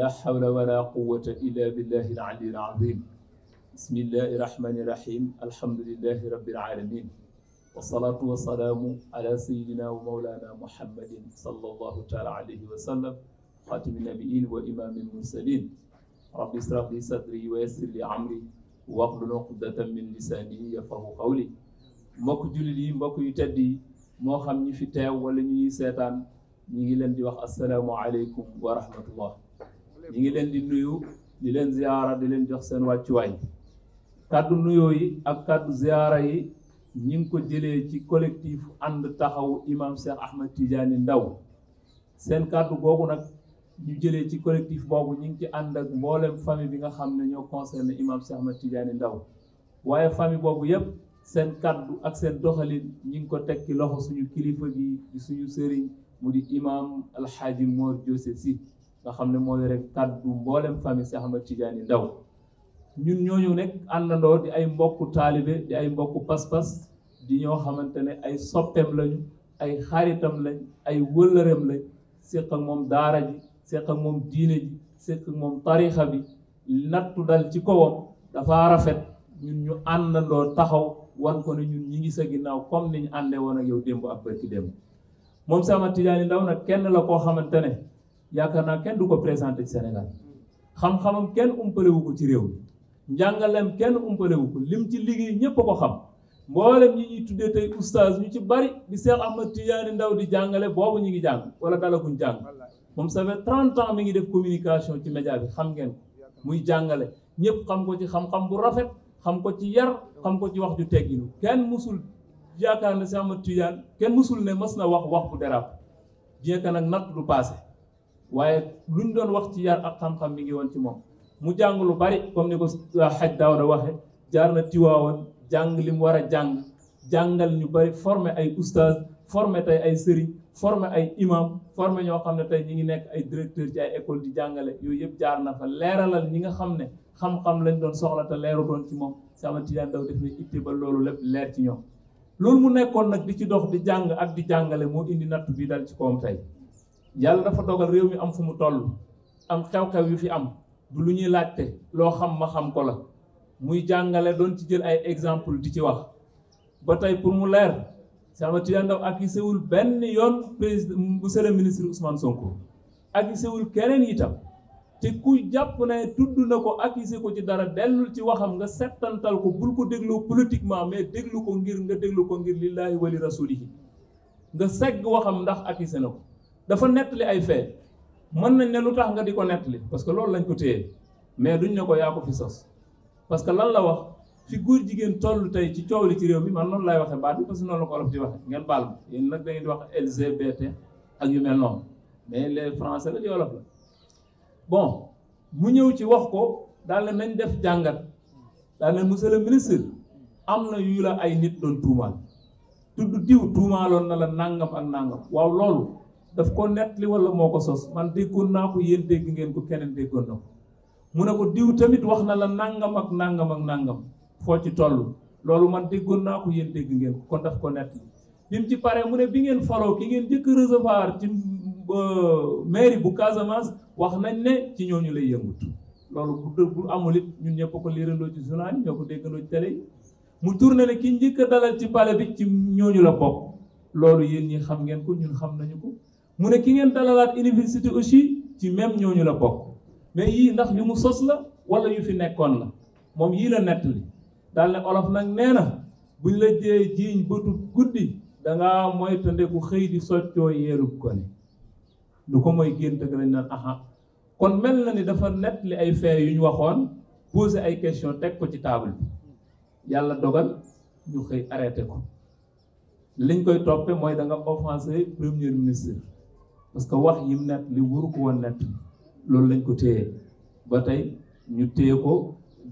la hawla wala quwwata illa billahi al-aliyyil azim bismillahi rahmani rahim alhamdulillahi rabbil alamin wasalaatu wasalaamu ala sayidina wa mawlana muhammadin sallallahu taala alayhi wa sallam xaatimi nabiin wa imaami mursalin rabbi israh li sadri wa yassir li amri wahlul uqdatan min lisaani yafqahu qawli mbokk jullit yi mbokk yu tedd yi moo xam ñi fi teew wala ñuy seetaan ñi ngi leen di wax asalaamu aleykum wa rahmatullah ñu ngi leen di nuyu di leen ziyaara di leen jox seen wàccuwaay kàddu nuyoo yi ak kàddu ziyaara yi ñi ngi ko jëlee ci collectif ànd taxawu imam Cheikh Ahmed Tidiane ndaw seen kàddu googu nag ñu jëlee ci collectif boobu ñu ngi ci ànd ak mbooleem famille bi nga xam ne ñoo concerné imam Cheikh Ahmed Tidiane ndaw waaye famille boobu yépp seen kàddu ak seen doxalin ñu ngi ko teg ci loxo suñu kilifa gi suñu sëriñ mu di imam alxaaji Mor Jose si nga xam ne moo yore kàddu mboolem famille Cheikh Ahmed Tidiane Ndaw ñun ñooñu nekk àndandoo di ay mbokku taalibe di ay mbokku pas-pas di ñoo xamante ne ay soppeem lañu ay xaritam lañ ay wëllëreem lañ séq ak moom daara ji séq moom diine ji moom tarixa bi nattu dal ci kawam dafa rafet ñun ñu àndandoo taxaw wan ko ne ñun ñi ngi sa ginnaaw comme niñ àndee woon ak yow démb ak bërki démb moom Cheikh Ahmed Tidiane Ndaw nag kenn la koo xamante ne yaakaar naa kenn du ko présenté ci Sénégal xam-xamam kenn umpalewu ko ci réew mi njàngaleem kenn umpalewu ko lim ci liggéey ñépp a ko xam mboolem ñi ñuy tuddee tey oustaz ñu ci bari bi Cheikh Ahmad Tidiane Ndaw di jàngale boobu ñu ngi jàng wala dalaguñ jàng moom ça fait 30 ans mi ngi def communication ci média bi xam ngeen ko muy jàngale ñépp xam ko ci xam-xam bu rafet xam ko ci yar xam ko ci wax ju tegginu kenn musul yaakaar ne Cheikh Ahmad Tidiane kenn musul ne mas na wax wax bu dérap bien que nag natt du passé waaye lu ñu doon wax ci yar ak xam-xam mi ngi woon ci moom mu jàng lu bari comme ni ko xaj daawda waxe jaar na tiwaawoon jàng li mu war a jàng jàngal ñu bari former ay oustaz former tey ay sëriñ former ay imam forme ñoo xam ne tey ñi ngi nekk ay directeur ci ay école di jàngale yooyu yëpp jaar na fa leeralal ñi nga xam ne xam-xam lañ doon soxla te leeru doon ci moom sama Tijaan Daw def na itte ba loolu lépp leer ci ñoom loolu mu nekkoon nag di ci dox di jàng ak di jàngale moo indi natt bi dal ci koom tey yàlla dafa dogal réew mi am fu mu toll am xew-xew yu fi am du lu ñuy laajte loo xam ma xam ko la muy jàngale doon ci jël ay exemple di ci wax ba tey pour mu leer sama Tidiane Ndao accusé wul benn yoon président monsieur le ministre Ousmane Sonko accusé wul keneen itam te ku jàpp ne tudd na ko accusé ko ci dara dellul ci waxam nga settantal ko bul ko dégloo politiquement mais déglu ko ngir nga déglu ko ngir lillahi wali rasulihi nga segg waxam ndax accusé na ko dafa nettali ay fee mën nañ ne lu tax nga di ko nettali parce que loolu lañ ko téye mais duñ ne ko yaa ko fi sos parce que lan la wax fi góor jigéen tollu tey ci coow li ci réew mi man noonu lay waxee baat bi parce la ko olof di waxe ngeen baal ma yéen nag da ngeen di ak yu mel noonu les français la di olof bon mu ñëw ci wax ko daal na nañ def jàngat daal na monsieur le am na yu la ay nit doon tuumaal tudd diw tuumaaloon na la nàngam ak nàngam waaw loolu daf ko nettali wala moo ko sos man déggoon naa ko yéen dégg ngeen ko keneen déggoon na ko mu ne ko diw tamit wax na la nangam ak nangam ak nangam foo ci toll loolu man déggoon naa ko yéen dégg ngeen ko kon daf ko nettali bi mu ci paree mu ne bi ngeen faloo ki ngeen jëkk recevoir ci mairie bu Casamance wax nañ ne ci ñooñu lay yëngut loolu bu amul it ñun ñëpp ko liirandoo ci journal yi ko déggandoo ci télé mu tourné ne ki njëkk a dalal ci palais bi ci ñooñu la bokk loolu yéen ñi xam ngeen ko ñun xam nañu ko mu ne ki ngeen dalalaat université aussi ci même ñu la bokk mais yii ndax yu mu sos la wala yu fi nekkoon la moom yii la nett li daal ne olof nag nee na buñ la jee jiiñ bëtu guddi dangaa mooy tëndeku xëy di soccoo yeerub kone lu ko moy génn ak lañ naan aha kon mel na ni dafa nett li ay fee yu ñu waxoon posé ay question teg ko ci table bi yàlla dogal ñu xëy arrêté ko liñ koy toppe mooy da nga offensé premier ministre parce que wax yim net li wuru ko woon net loolu lañ ko téye ba tey ñu téye ko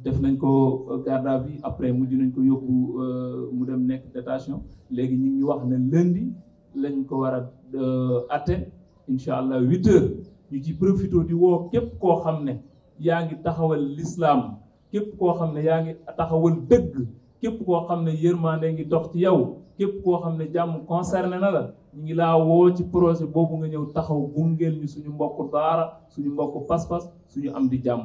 def nañ ko euh, garde bi après mujj nañ ko yóbbu euh, mu dem nekk détention léegi ñu ngi wax ne lundi lañ ko war a euh, atte incha allah huit heures ñu ci profité di woo képp koo xam ne yaa ngi taxawal lislaam képp koo xam ne yaa ngi taxawal dëgg képp koo xam ne yërmande ngi dox ci yow képp koo xam ne jàmm concerné na la ñu ngi laa woo ci projet boobu nga ñëw taxaw gungeel ni suñu mbokk daara suñu mbokk pas-pas suñu am di jàmm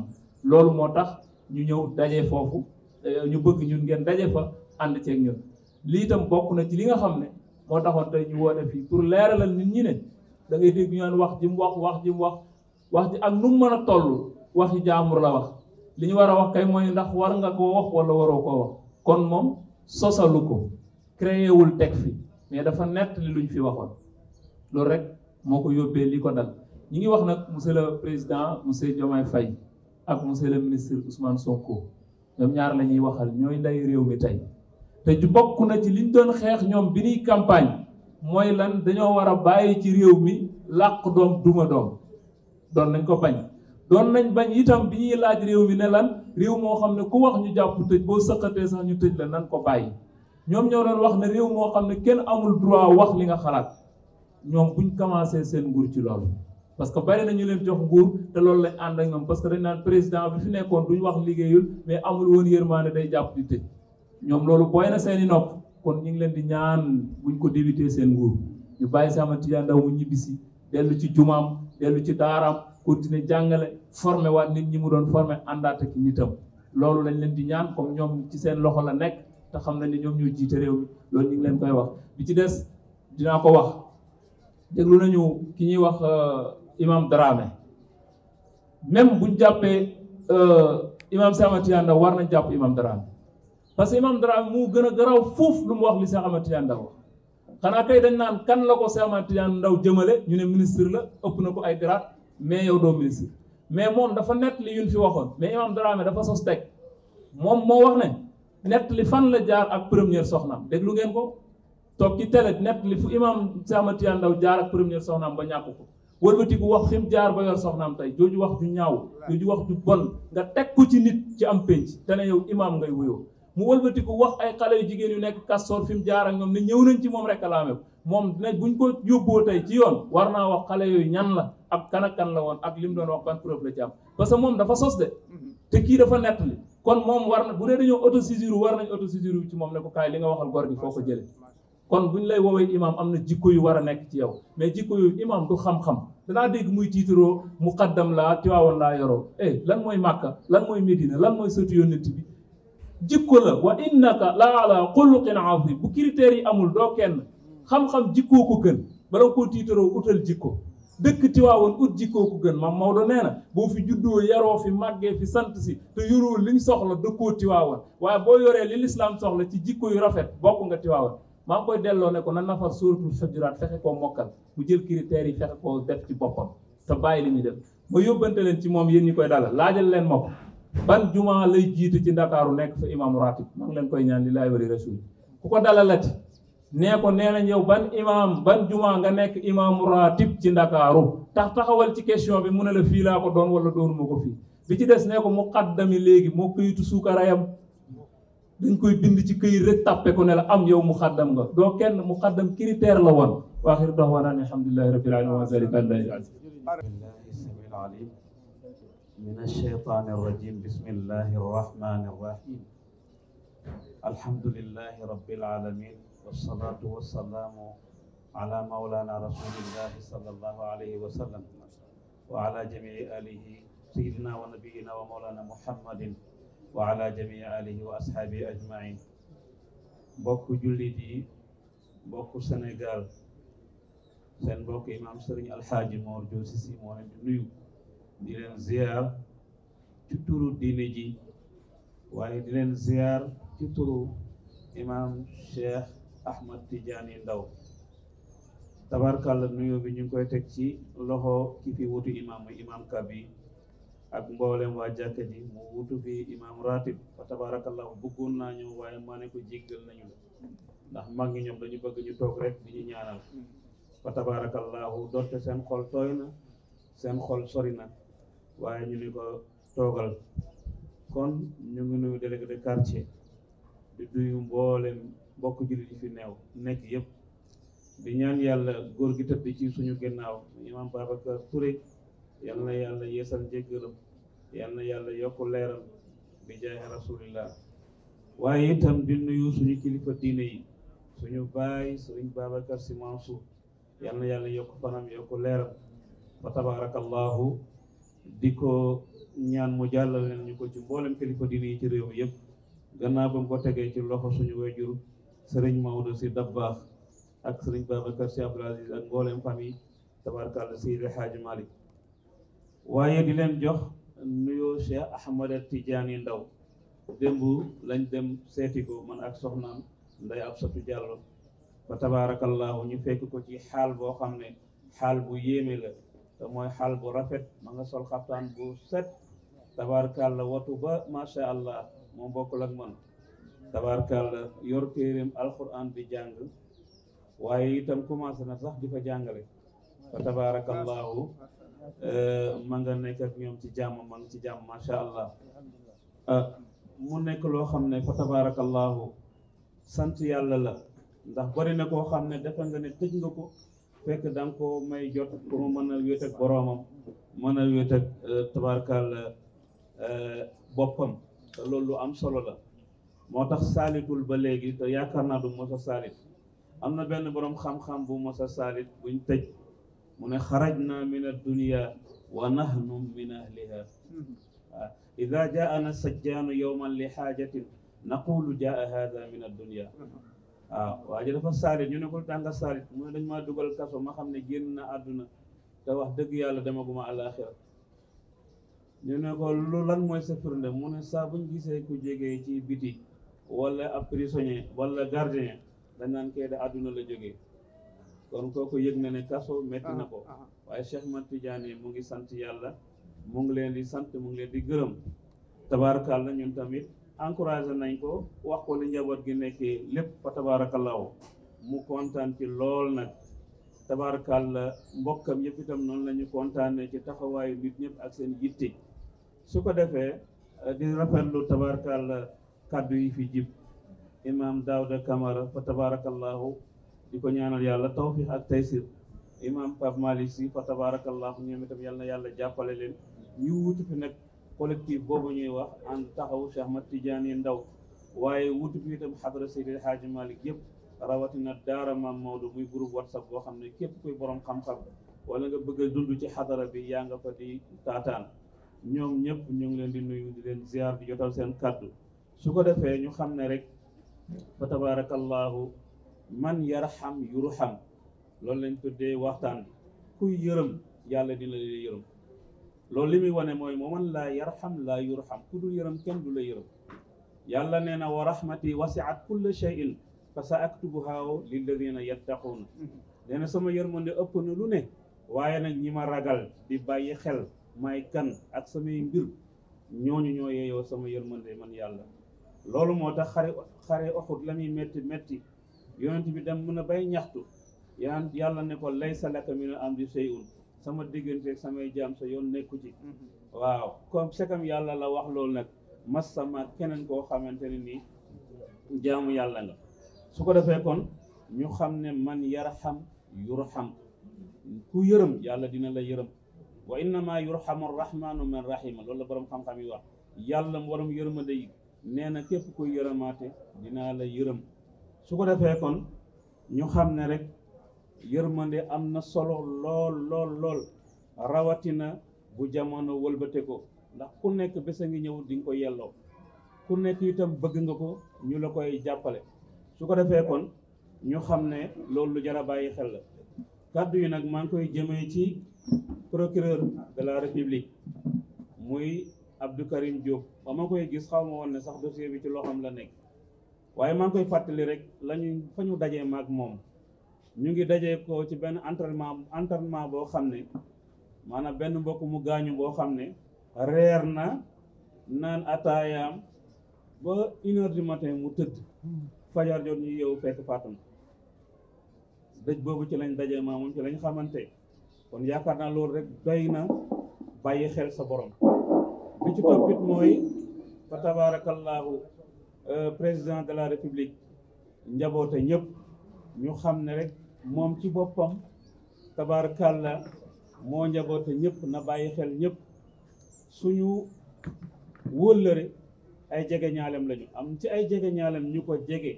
loolu moo tax ñu ñëw daje foofu euh, ñu bëgg ñun ngeen daje fa ànd ceeg ñun lii itam bokk na ci li nga xam ne moo taxoon tey ñu woote fii pour leeralal nit ñi ne da ngay dégg ñu naan wax ji mu wax wax ji mu wax wax ji ak nu mu mën a tollu wax yi jaamur la wax li ñu war a wax kay mooy ndax war nga koo wala waroo koo kon moom sosalu ko créé wul teg fi mais dafa nett li luñ fi waxoon loolu rek moo ko yóbbee li ko dal ñi ngi wax nag monsieur la président monsieur Diomaye fay ak monsieur le ministre Ousmane Sonko ñoom ñaar la ñuy waxal ñooy nday réew mi tey te ju bokk na ci liñ doon xeex ñoom bi nuy campagne mooy lan dañoo war a bàyyi ci réew mi làq doom duma doom doon nañ ko bañ doon nañ bañ itam bi ñuy laaj réew mi ne lan réew moo xam ne ku wax ñu jàpp tëj boo sëqatee sax ñu tëj la nan ko bàyyi ñoom ñoo doon wax ne réew moo xam ne kenn amul droit wax li nga xalaat ñoom buñ commencé seen nguur ci loolu parce que bari na ñu leen jox nguur te loolu lañ ànd ak ñoom parce que dañ naan président bi fi nekkoon duñ wax liggéeyul mais amul woon yërmaande day jàpp di tëj ñoom loolu booy na seen i nopp kon ñu ngi leen di ñaan buñ ko débité seen nguur ñu bàyyi sama tijaan ndaw mu ñibbisi dellu ci jumaam dellu ci daaraam continuer jàngale former waa nit ñi mu doon former àndaat ak nitam loolu lañ leen di ñaan comme ñoom ci seen loxo la nekk te xam na ni ñoom ñoo jiite réew mi loolu ñu ngi leen koy wax bi ci des dinaa ko wax déglu nañu ki ñuy wax euh, imam Dramé même buñ jàppee euh, imam Cheikh Ahmed Tidiane Ndao war na jàpp imam Dramé parce que imam Dramé mu gën a garaaw foofu lu mu wax li Cheikh Ahmed Tidiane Ndao wax xanaa kay dañ naan kan la ko Cheikh Ahmed ndaw Ndao jëmale ñu ne ministre la ëpp na ko ay grade mais yow doo ministre mais moom dafa nett li yun fi waxoon mais imam Dramé dafa sos teg moom moo wax ne nett li fan la jaar ak première soxnaam déglu ngeen ko toog ci télé nett li fu imam Sama Tidiane Ndao jaar ak première soxnaam ba ñàkk ko ku wax fi jaar ba yor soxnaam tey jooju wax ju ñaaw jooju wax ju bon nga teg ko ci nit ci am pénc te ne yow imam ngay wuyoo mu wëlbatiku wax ay xale yu jigéen yu nekk kastoor fi mu jaar ak ñoom ne ñëw nañ moom réclamé ko moom ne buñ ko yóbboo tey ci yoon war naa wax xale yooyu ñan la ak kan la woon ak li mu doon wax ban preuve la ci am parce que moom dafa sos de te kii dafa nettali kon moom war na bu dee dañoo autosaisir war nañ autosaisir ci moom ne ko kaay li nga waxal góor gi foo ko jëlee kon buñ lay woowee imaam am na jikko yu war a nekk ci yow mais jikko yu imaam du xam-xam danaa dégg muy tiitaroo muqaddam laa tiwaawoon laa yoroo eh lan mooy màkka lan mooy médina lan mooy sëtu yónnent bi jikko la wa innaka la ala xuluqin azim bu critères yi amul doo kenn xam-xam jikkoo ko gën bala ko koo tiitaroo utal jikko dëkk Tiwaawoon ut jikkoo ko gën maam Maodo nee na boo fi juddoo yaroo fi màggee fi sant si te yoroo liñ soxla dëkkoo Tiwaawoon waaye boo yoree li lislaam soxla ci jikko yu rafet bokk nga Tiwaawoon maa ngi koy delloo ne ko na nafar suuratul Hujuraat fexe koo mokkal mu jël critères yi fexe koo def ci boppam sa bàyyi li muy def ma yóbbante leen ci moom yéen ñi koy dala laajal leen ma ko ban jumaa lay jiit ci ndakaaru nekk fa imaamu ratib maa koy ñaan li laay wari rasul ku ko dalalati nee ko nee nañ yow ban imaam ban juma nga nekk imaamu ratib ci ndakaaru tax taxawal ci question bi mu ne la fii laa ko doon wala doonuma ko fii bi ci des nee ko muqaddami léegi moo këyitu suukarayam dañ koy bind ci këyit rek tàppe ko ne la am yow muqaddam nga doo kenn muqaddam critère la woon wa axiru da'waana an alhamdulillahi rabbil alamin wa zalika alim min ash-shaytaani rajim bismillahi rahmani والصلاة والسلام على مولانا رسول الله صلى الله عليه وسلم وعلى جميع آله سيدنا ونبينا ومولانا محمد وعلى جميع آله وأصحابه أجمعين mbokk jullit yi mbokk Sénégal seen mbokk imaam sëriñ alxaaji Mor Diosi si moo leen di nuyu di leen ziar ci turu diine ji waaye di leen ziar ci turu imaam Cheikh Ahmad Tidiane Ndaw tabarkàlla nu bi ñu ngi koy teg ci loxo ki fi wutu imam muy imam kabi ak mboolem waa jàkka ji mu wutu fi imam ratib fa tabarakallaahu bëggoon naa ñëw waaye maa ne ko jéggal nañu la ndax mag ñi ñoom dañu bëgg ñu toog rek di ñu ñaanal fa tabarakallaahu doonte seen xol tooy na seen xol sori na waaye ñu ni ko toogal kon ñu ngi nuyu délégué de quartier di duyu mboolem bokk jullit yi fi neew nekk yëpp di ñaan yàlla góor gi tëdd ci suñu ginnaaw imaam Babacar Touré yal na yàlla yeesal njëggalam yal na yàlla yokk leeram bi jaaye rasulillah waaye itam di nuyu suñu kilifa diine yi suñu baay sëriñ Babacar Sy Mansour yal na yàlla yokk fanam yokk leeram fa tabarakallahu di ko ñaan mu jàllal leen ñu ko ci mboolem kilifa diine yi ci réew mi yëpp gannaaw ba mu tegee ci loxo suñu wajur sëriñ Maodo si Dabbaax ak sëriñ Babacar si Abdul Aziz ak mboolem famille tabarkàlla Seydi Xaaji Malik waaye di leen jox nuyoo Cheikh Ahmad Tidiane Ndaw démb lañ dem seeti ko man ak soxnaam nday ab satu jàllo fa tabaarakallaahu ñu fekk ko ci xaal boo xam ne xaal bu yéeme la te mooy xaal bu rafet ma nga sol xaftaan bu set tabaarakalla watu ba macha allah moom bokkul ak man tabarkàlla yor téeréem alquran di jàng waaye itam commencé na sax di ko jàngale fa tabarakallahu euh, ma nga nekk ak ñoom ci jàmm ma ngi ci jàmm macha allah euh, mu nekk loo xam ne fa tabarakallahu sant yàlla la ndax bari na koo xam ne defe nga ne tëj nga ko fekk da nga ko may jot pour mu mën a wéet ak boroomam a wéet ak euh, tabarkàlla boppam loolu lu am solo la moo tax saalitul ba léegi te yaakaar naa du mos a saalit am na benn boroom xam-xam bu mos a saalit buñ tëj mu ne xaraj na min addunia wa nahnu min ahliha waaw hmm. ah, ida jaana sajjaanu yowman li xaajatin naqulu jaa hada min addunia waaw hmm. ah, waa ji dafa saalit ñu ne ko danga saalit mu ne dañ maa dugal kaso ma xam ne génn na àdduna te wax dëgg yàlla demaguma àllaaxira ñu ne ko lu lan mooy sa mu ne saa buñ gisee ku jege ci biti wala ab prisonnier wala gardien dañ naan kee da àdduna la jóge kon kooku yëg na ne kaso metti na ko ah, ah, ah. waaye Cheikh Ahmad Tidiane mu ngi sant yàlla mu ngi leen di sant mu ngi leen di gërëm tabaarakàlla ñun tamit encouragé nañ ko wax ko li gi nekkee lépp fa tabaarakallaahu mu kontaan ci lool nag tabaarakàlla mbokkam yëpp itam noonu lañu ñu ci taxawaayu nit ñëpp ak seen yitte su ko defee di rafetlu tabaarakàlla kàddu yi fi jib imaam Daouda Camara fa tabarakallahu di ko ñaanal yàlla tawfiq ak taysir imaam Pape Malick Sy fa tabarakallahu ñoom itam yal na yàlla jàppale leen ñu wutu fi nag collectif boobu ñuy wax ànd taxawu Cheikh Ahmad Tidiane Ndaw waaye wutu fi itam xadra Seydil Haaji Malick yëpp rawatina daara maam Maodo muy groupe whatsapp boo xam ne képp kuy borom xam-xam wala nga bëgg a dund ci xadara bi yaa nga fa di taataan ñoom ñëpp ñu ngi leen di nuyu di leen ziar di jotal seen kàddu su ko defee ñu xam ne rek fa tabarakallahu man yarham yurham loolu lañ tuddee waxtaan bi kuy yërëm yàlla dina la yërëm loolu li muy wane mooy moo man laa yarham laa yurham ku dul yërëm kenn du la yërëm yàlla nee na wa rahmati wasiat kulla shay'in fa sa aktubuha lilladina yattaquuna nee na sama yërmande ëpp na lu ne waaye nag ñi ma ragal di bàyyi xel may kan ak samay mbir ñooñu ñoo yeeyoo sama yërmande man yàlla loolu moo tax xare xare Uhud la muy métti métti yonent bi dem mën a bay ñaxtu yaan yàlla nekkoon ne ko laysa laka minal amri shay'un sama digganteeg samay jaam sa yoon nekku ci mm-hmm. waaw comme sekam yàlla la wax loolu nag mas sama keneen koo xamante ne nii jaamu yàlla nga su ko defee kon ñu xam ne man yur yurham ku yërëm yàlla dina la yërëm wa innama yurhamu rahmanu man rahima loolu la boroom xam-xam yi wax yàlla boroom yërëmande yi nee na képp kuy yërëmaate dinaa la yërëm su ko defee kon ñu xam ne rek yërmande am na solo lool lool lool rawatina bu jamono wëlbate ko ndax ku nekk bés a ngi ñëw di nga ko yelloo ku nekk itam bëgg nga ko ñu la koy jàppale su ko defee kon ñu xam ne loolu lu jar a bàyyi xel la kàddu yi nag maa ngi koy jëmee ci procureur de la république muy Abdou Karim Diop ba ma koy gis xaw ma woon ne sax dossier bi ci loo loxoom la nekk waaye maa ngi koy fàttali rek lañuy fa ñu dajee maag moom ñu ngi dajee ko ci benn entraînement entraînement boo xam ne maanaam benn mbokk mu gaañu boo xam ne reer na naan ataayaam ba une heure du matin mu tëdd fajar jot ñu yeewu fekk fàttam dëj boobu ci lañ dajee maam moom ci lañu xamante kon yaakaar naa loolu rek doy na bàyyi xel sa boroom li ci toppit mooy fa tabaarakallaahu euh, président de la république njaboote ñëpp ñu xam ne rek moom ci boppam tabaarakalla moo njaboote ñëpp na bàyyi xel ñëpp suñu wóllëre ay jege ñaalem lañu am ci ay jege ñaalem ñu ko jege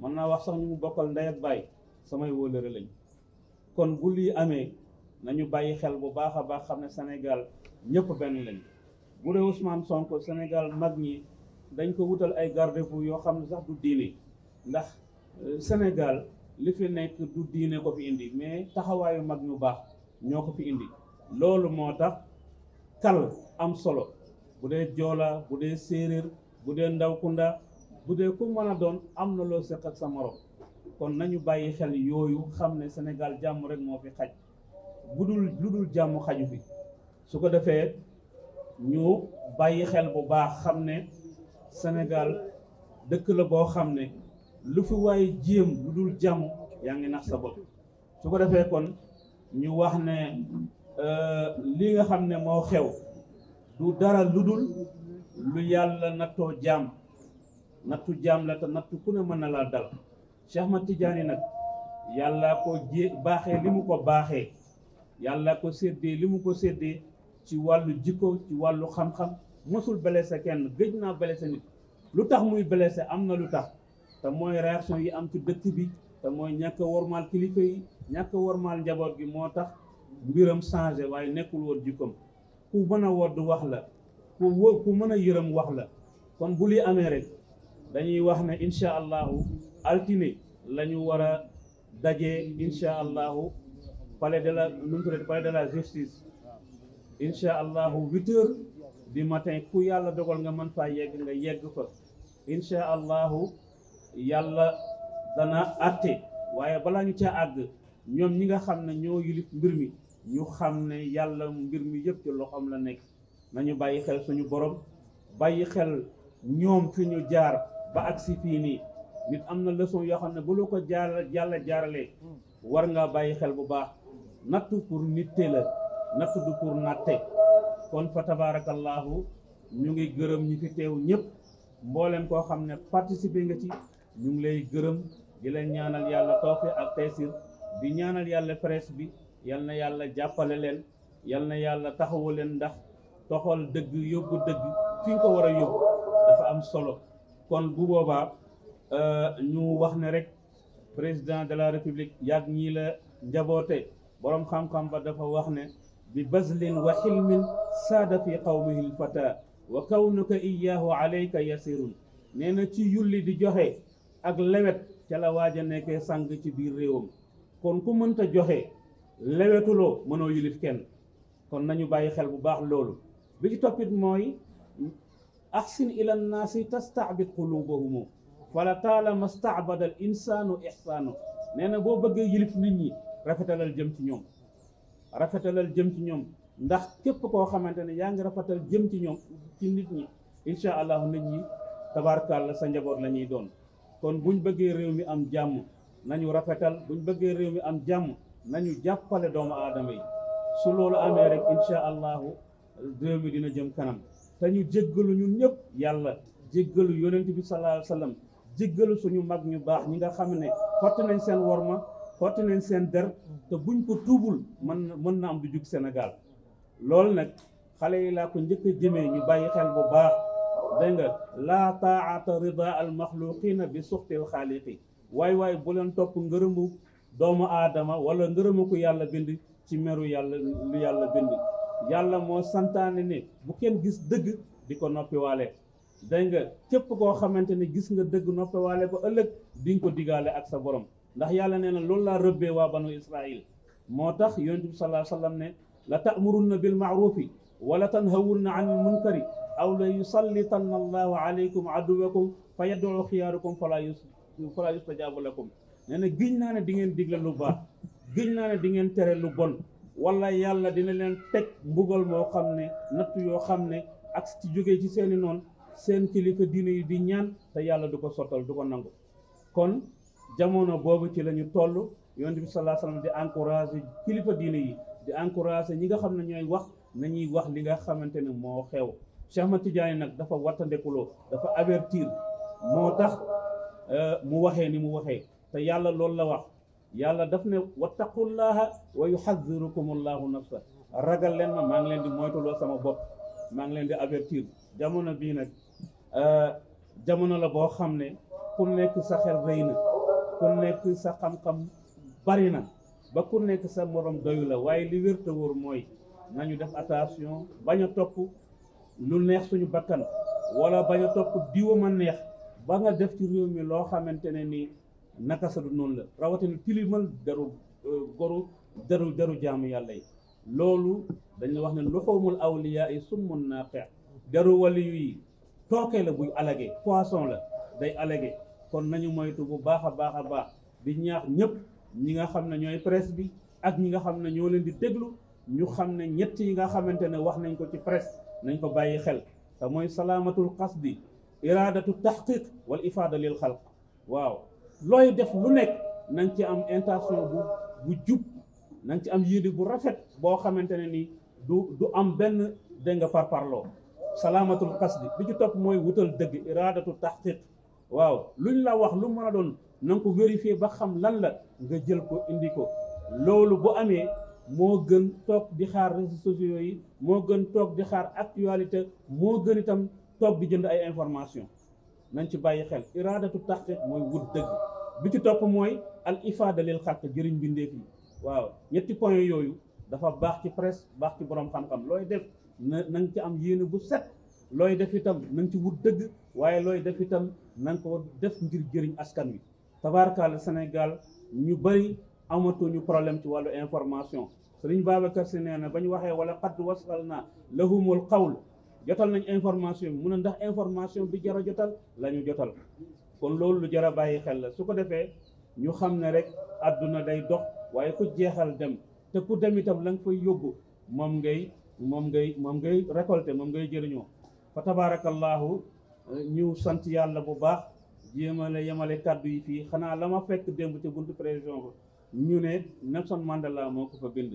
mën naa wax sax ñu mu bokkal ndey ak samay wóllëre lañu kon bu lii amee nañu bàyyi xel bu baax a baax xam ne senegal ñëpp benn lañu bu dee Ousmane Sonko Sénégal mag ñi dañ ko wutal ay garde-fou yoo xam ne sax du diine ndax euh, Sénégal li fi nekk du diine ko fi indi mais taxawaayu mag ñu baax ñoo ko fi indi loolu moo tax kal am solo bu dee joola bu dee séeréer bu dee ndawkunda bu dee ku mën a doon am na loo seq ak sa morom kon nañu bàyyi xel yooyu xam ne Sénégal jàmm rek moo fi xaj bu dul lu dul jàmm xaju fi su ko defee ñu bàyyi xel bu baax xam ne senegal dëkk la boo xam ne lu fi waaye jéem lu dul jàmm yaa ngi nax sa bopp su ko defee kon ñu wax ne euh, li nga xam ne moo xew du dara lu dul lu yàlla nattoo jaam nattu jaam la te nattu ku ne mën na laa dal Cheikh Ahmad Tidiane nag yàlla ko jé baaxee li mu ko baaxee yàlla ko seddee li mu ko seddee ci wàllu jikko ci wàllu xam-xam mosul blessé kenn gëj naa blessé nit lu tax muy blessé am na lu tax te mooy réaction yi am ci dëkk bi te mooy ñàkk wormaal kilifa yi ñàkk a wormaal njaboot gi moo tax mbiram changé waaye nekkul woon jikkoom ku mën a wodd wax la ku wó ku mën a yërëm wax la kon bu li amee rek dañuy wax ne incha allahu altine la ñu war a dajee incha allahu palais de la palais de la justice incha allahu huit heures du matin ku yàlla dogal nga man faa yegg nga yegg fa incha allahu yàlla dana àtte waaye balaa ñu caa àgg ñoom ñi nga xam ne ñoo yilif mbir mi ñu xam ne yàlla mbir mi yëpp ci loxoom la nekk nañu bàyyi xel suñu boroom bàyyi xel ñoom fi ñu jaar ba agsi fii nii nit am na leçon yoo xam ne bu la ko jaar yàlla jaaralee war ngaa bàyyi xel bu baax nattu pour nit te la natt du pour natte kon fa tabaarakallaahu ñu ngi gërëm ñi fi teew ñëpp mboolem koo xam ne participer nga ci ñu ngi lay gërëm di leen ñaanal yàlla tawfiq ak taysir di ñaanal yàlla presse bi yal na yàlla jàppale leen yal na yàlla taxawu leen ndax toxal dëgg yóbbu dëgg fi nga ko war a yóbbu dafa am solo kon bu boobaa euh, ñu wax ne rek président de la république yàgg ñii la njaboote boroom xam-xam ba dafa wax ne bi bazlin wa xilmin saada fi qawmihi lfata wa kawnuka iyaahu alayka yasirun nee ci yulli di joxe ak lewet ca la waaj nekkee sàng ci biir réewam kon ku mënta joxe lewetuloo mënoo yulif kenn kon nañu bàyyi xel bu baax loolu bi ci toppit mooy axsin ila nnaasi tastaabid qulubahumu fala taalama staabada insaanu ixsaanu nee boo bëggee yilif nit ñi rafetalal jëm ci ñoom rafetalal jëm ci ñoom ndax képp koo xamante ne yaa ngi rafetal jëm ci ñoom ci nit ñi incha allah nit ñi tabaarkàlla sa njaboot la ñuy doon kon buñ bëggee réew mi am jàmm nañu rafetal buñ bëggee réew mi am jàmm nañu jàppale doomu aadama yi su loolu amee rek incha allahu réew mi dina jëm kanam te ñu jéggalu ñun ñëpp yàlla jéggalu yonent bi sallallahu alayhi wa sallam suñu mag ñu baax ñi nga xam ne fott nañ seen worma xotti leen seen der te buñ ko tuubul mën na mën na am du jug Sénégal loolu nag xale yi laa ko njëkk a jëmee ñu bàyyi xel bu baax dégg nga laa taa'ata rida al maxluqina bi suxtil xaaliqi waay waay bu leen topp ngërëmu doomu aadama wala ngërëmu ku yàlla bind ci meru yàlla lu yàlla bind yàlla moo santaane ne bu kenn gis dëgg di ko noppiwaale dégg nga képp koo xamante ne gis nga dëgg noppiwaale ko ëllëg di nga ko digaale ak sa borom ndax yàlla nee na loolu laa rëbbee waa banu israil moo tax yonent bi sallallahu alayhi wa sallam ne la ta'murunna bil tan wa la tanhawunna anil munkari aw la yusallitanna allahu alaykum aduwakum fa yad'u xiyaarukum fala yus fala yustajaabu lakum nee na giñ naa ne di ngeen digle lu baax giñ naa ne di ngeen tere lu bon wala yàlla dina leen teg mbugal moo xam ne natt yoo xam ne ak ci jóge ci seeni noon seen kilifa diine yi di ñaan te yàlla du ko sottal du ko nangu jamono boobu ci la ñu toll yonent bi sallallahu alayhi wasallam di encouragé kilifa diine yi di encouragé ñi nga xam ne ñooy wax nañuy wax li nga xamante ni moo xew Cheikh Ahmad Tidiane nag dafa wattandekuloo dafa avertir moo tax euh, mu waxee ni mu waxee te yàlla loolu la wax yàlla daf ne wattaqullaha wa yuhadhirukumullahu nafsa ragal leen ma maa ngi leen di moytuloo sama bopp maa ngi leen di avertir jamono bii nag euh, jamono la boo xam ne ku nekk sa xel rëy na ku nekk sa xam-xam bari na ba ku nekk sa morom doyu la waaye li wér te wóor mooy nañu def attention bañ a topp lu neex suñu bakkan wala bañ a topp diwa ma neex ba nga def ci réew mi loo xamante ne ni naka sa du noonu la rawatina tilimal deru euh, goru deru deru jaamu yàlla yi loolu dañuy wax ne luxumul awliya yi summun naaqi deru waliyu yi tooke la buy alage poisson la day alage kon nañu moytu bu baax a baax a baax di ñaax ñëpp ñi nga xam ne ñooy press bi ak ñi nga xam ne ñoo leen di déglu ñu xam ne ñett yi nga xamante ne wax nañ ko ci presse nañ ko bàyyi xel te mooy salaamatul qasdi iraadatu tahqiq wal ifaada lil xalq waaw looy def lu nekk nañ ci am intation bu bu jub nañ ci am yéene bu rafet boo xamante ne ni du du am benn dégg nga parparloo salaamatul qasdi bi ci topp mooy wutal dëgg iraadatu tahqiq waaw lu luñ la wax lu mën a doon na ko vérifier ba xam lan la nga jël ko indi ko loolu bu amee moo gën toog di xaar réseaux sociaux yi moo gën toog di xaar actualité moo gën itam toog bi jënd ay information nañ ci bàyyi xel iraadatu taxqiq mooy wut dëgg bi ci topp mooy al ifaada lil xaq jëriñ mbindeef yi waaw ñetti point yooyu dafa baax ci presse baax ci borom xam-xam looy def na na ci am yéene bu set looy def itam na nga ci wut dëgg waaye looy def itam na ko def ngir jëriñ askan wi tabaarkaal Sénégal ñu bëri ñu problème ci wàllu information Sëriñ Babacar Si nee na ba ñu waxee wala qad wasal na lahumul qawl jotal nañ information bi mu ne ndax information bi jar a jotal la ñu jotal kon loolu lu jar a bàyyi xel la su ko defee ñu xam ne rek àdduna day dox waaye ku jeexal dem te ku dem itam la nga fay yóbbu moom ngay moom ngay moom ngay récolter moom ngay jëriñoo fa tabaarakallaahu ñu sant yàlla bu baax jéemale yemale kàddu yi fii xanaa la ma fekk démb ci buntu prévision ñu ne Nelson Mandela moo ko fa bind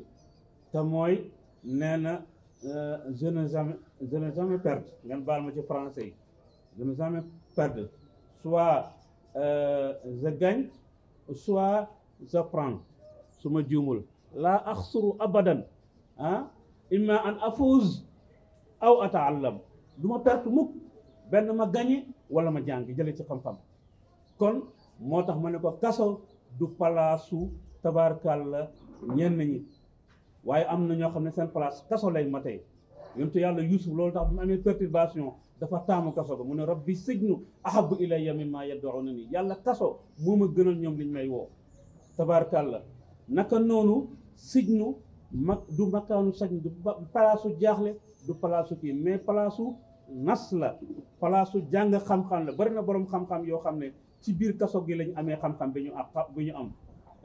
te mooy nee na euh, je ne jamais je ne ngeen baal ma ci français yi je ne jamais perdre soit euh, je gagne soit je prends su ma juumul laa axsuru abadan ah, imma an afuz aw ataallam du ma perte mukk benn ma gañe wala ma jàng jële ci xam-xam kon moo tax ma ne ko kaso du palaasu la ñenn ñi waaye am na ñoo xam ne seen place kaso lay matee yontu yàlla Yuusuf loolu tax bu mu amee perturbation dafa taamu kaso ko mu ne rabbi sijnu ahabu ilayya mimma na ni yàlla kaso moo ma gënal ñoom liñ may woo la naka noonu sijnu mag du makaanu sajn du palaasu jaaxle du palaasu kii mais palaasu nas la palaasu jàng xam-xam la bari na borom xam-xam yoo xam ne ci biir kaso gi lañ amee xam-xam bi ñu am ñu am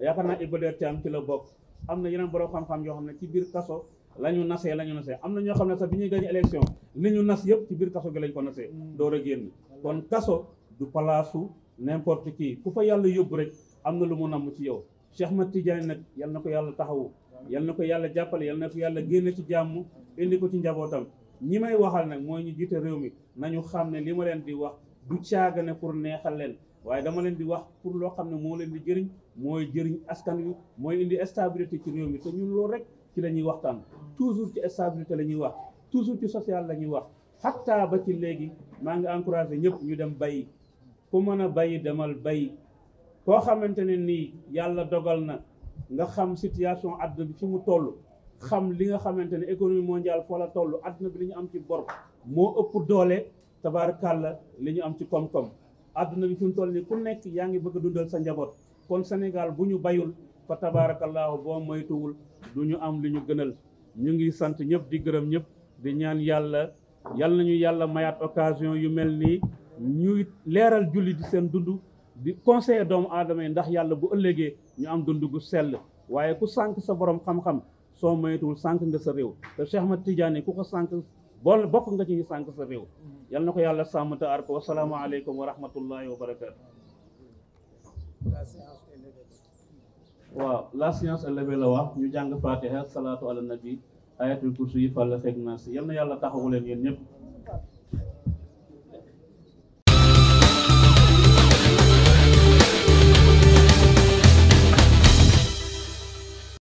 yaakaar naa Ibadeer Thiam ci la bokk am na yeneen borom xam yoo xam ne ci biir kaso la ñu nasee la ñu nasee am na ñoo xam ne sax bi ñuy gañ élection li ñu nas yëpp ci biir kaso gi lañ ko nasee mm. door a génn kon kaso du palaasu n'importe kii ku fa yàlla yóbbu rek am na lu mu namm ci yow Cheikh ci Tidiane nag yal na ko yàlla taxawu yal na ko yàlla jàppale yal na ko yàlla génne ci jàmm indi ko ci njabootam ñi may waxal nag mooy ñu jiite réew mi nañu xam ne li ma leen di wax du caaga ne pour neexal leen waaye dama leen di wax pour loo xam ne moo leen di jëriñ mooy jëriñ askan wi mooy indi stabilité ci réew mi te ñun loolu rek ci la ñuy waxtaan toujours ci stabilité la ñuy wax toujours ci social la ñuy wax xataa ba ci léegi maa ngi encouragé ñëpp ñu dem bayi ku mën a bayi demal bayi dogal na nga xam situation àdduna bi fi mu toll xam li nga xamante ne économie mondiale foo la toll àdduna bi li ñu am ci bor moo ëpp doole tabaarkàlla li ñu am ci koom-koom àdduna bi fi mu toll nii ku nekk yaa ngi bëgg a dundal sa njaboot kon Sénégal bu ñu bayul fa tabaarakallaahu boo moytuwul du ñu am li ñu gënal ñu ngi sant ñëpp di gërëm ñëpp di ñaan yàlla yàlla yal nañu yàlla mayaat occasion yu mel nii ñuy leeral julli di seen dund di conseiller doomu aadama yi ndax yàlla bu ëllëgee ñu am dund gu sell waaye ku sànq sa boroom xam-xam soo moytuwul sànq nga sa réew te Cheikh ma Tidiane ku ko sànq bool bokk nga ci ñu sànq sa réew yal na ko yàlla sàmm te aar ko wasalaamaaleykum wa rahmatullahi wa barakaatu. waaw la science élevée la wax ñu jàng fatiha salaatu ala nabi ayatul kursi yi fàlla fekk naa si yal na yàlla taxawu leen yéen ñëpp.